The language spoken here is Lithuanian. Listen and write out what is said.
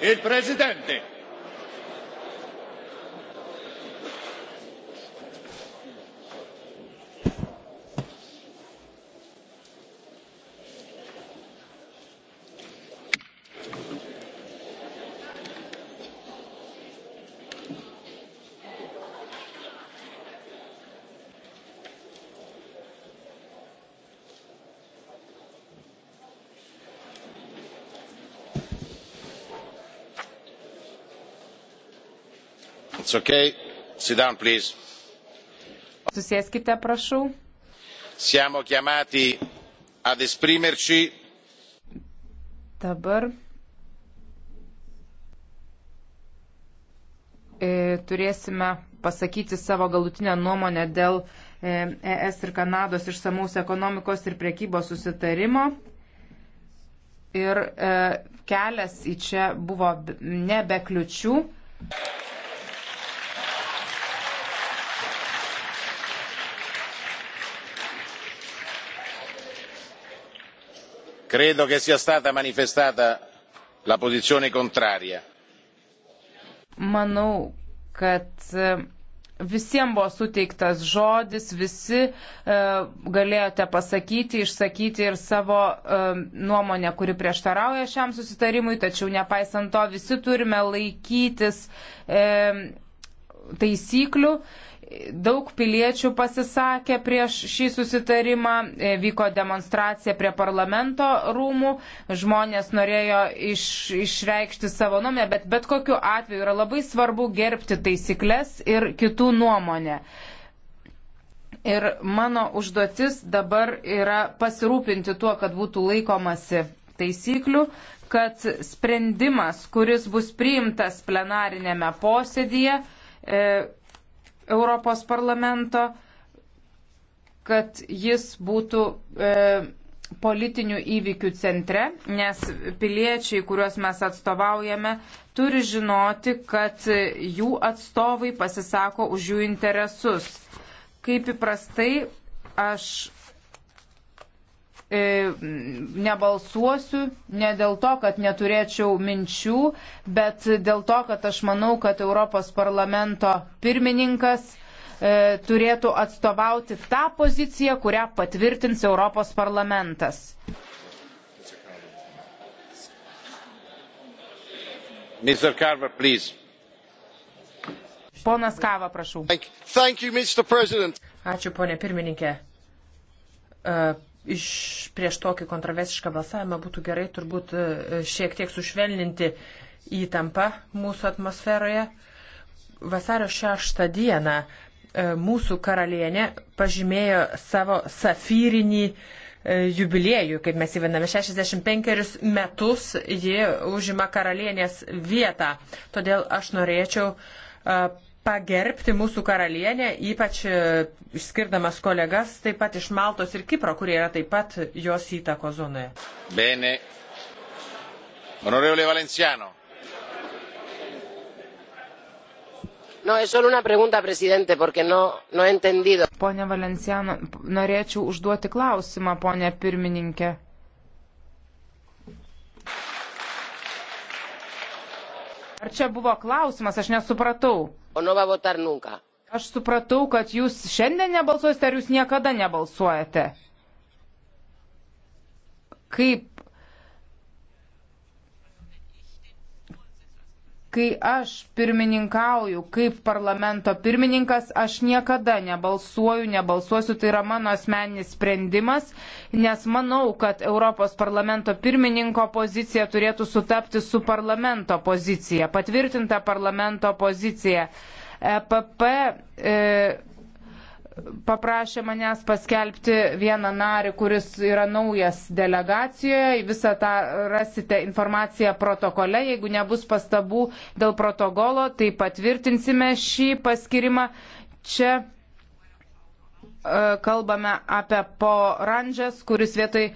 il presidente. It's okay. Sit down, please. Susieskite, prašau. Siamo chiamati ad esprimerci. Dabar e, turėsime pasakyti savo galutinę nuomonę dėl ES e ir Kanados išsamaus ekonomikos ir priekybos susitarimo. Ir e, kelias į čia buvo ne be kliučių. credo che sia stata manifestata la posizione contraria. manau kad e, visiems buvo suteiktas žodis, visi e, galėjote pasakyti, išsakyti ir savo e, nuomonę, kuri prieštarauja šiam susitarimui, tačiau nepaisant to visi turime laikytis. E, taisyklių. Daug piliečių pasisakė prieš šį susitarimą, e, vyko demonstracija prie parlamento rūmų, žmonės norėjo iš, išreikšti savo nuomonę, bet bet kokiu atveju yra labai svarbu gerbti taisyklės ir kitų nuomonę. Ir mano užduotis dabar yra pasirūpinti tuo, kad būtų laikomasi taisyklių, kad sprendimas, kuris bus priimtas plenarinėme posėdėje, E, Europos parlamento, kad jis būtų e, politinių įvykių centre, nes piliečiai, kuriuos mes atstovaujame, turi žinoti, kad jų atstovai pasisako už jų interesus. Kaip įprastai, aš E, nebalsuosiu ne dėl to, kad neturėčiau minčių, bet dėl to, kad aš manau, kad Europos parlamento pirmininkas e, turėtų atstovauti tą poziciją, kurią patvirtins Europos parlamentas. Carver, Ponas Kava, prašau. Thank you, Ačiū, ponė pirmininkė. E, iš prieš tokį kontroversišką balsavimą būtų gerai turbūt e, šiek tiek sušvelninti įtampą mūsų atmosferoje. Vasario 6 dieną e, mūsų karalienė pažymėjo savo safyrinį e, jubiliejų, kaip mes įvename, 65 metus ji užima karalienės vietą. Todėl aš norėčiau pagerbti mūsų karalienę, ypač e, išskirdamas kolegas taip pat iš Maltos ir Kipro, kurie yra taip pat jos įtako zonoje. Bene. Honorevole Valenciano. No, es solo una pregunta, presidente, porque no, no he entendido. Pone Valenciano, norėčiau užduoti klausimą, ponė pirmininkė. Ar čia buvo klausimas, aš nesupratau. O no va votar nunca. Aš supratau, kad jūs šiandien nebalsuosite ar jūs niekada nebalsuojate. Kaip Kai aš pirmininkauju kaip parlamento pirmininkas, aš niekada nebalsuoju, nebalsuosiu, tai yra mano asmeninis sprendimas, nes manau, kad Europos parlamento pirmininko pozicija turėtų sutapti su parlamento pozicija, patvirtinta parlamento pozicija. EPP e, e paprašė manęs paskelbti vieną narį, kuris yra naujas delegacijoje. Visą tą rasite informaciją protokole. Jeigu nebus pastabų dėl protokolo, tai patvirtinsime šį paskirimą. Čia e, kalbame apie po Randžes, kuris vietoj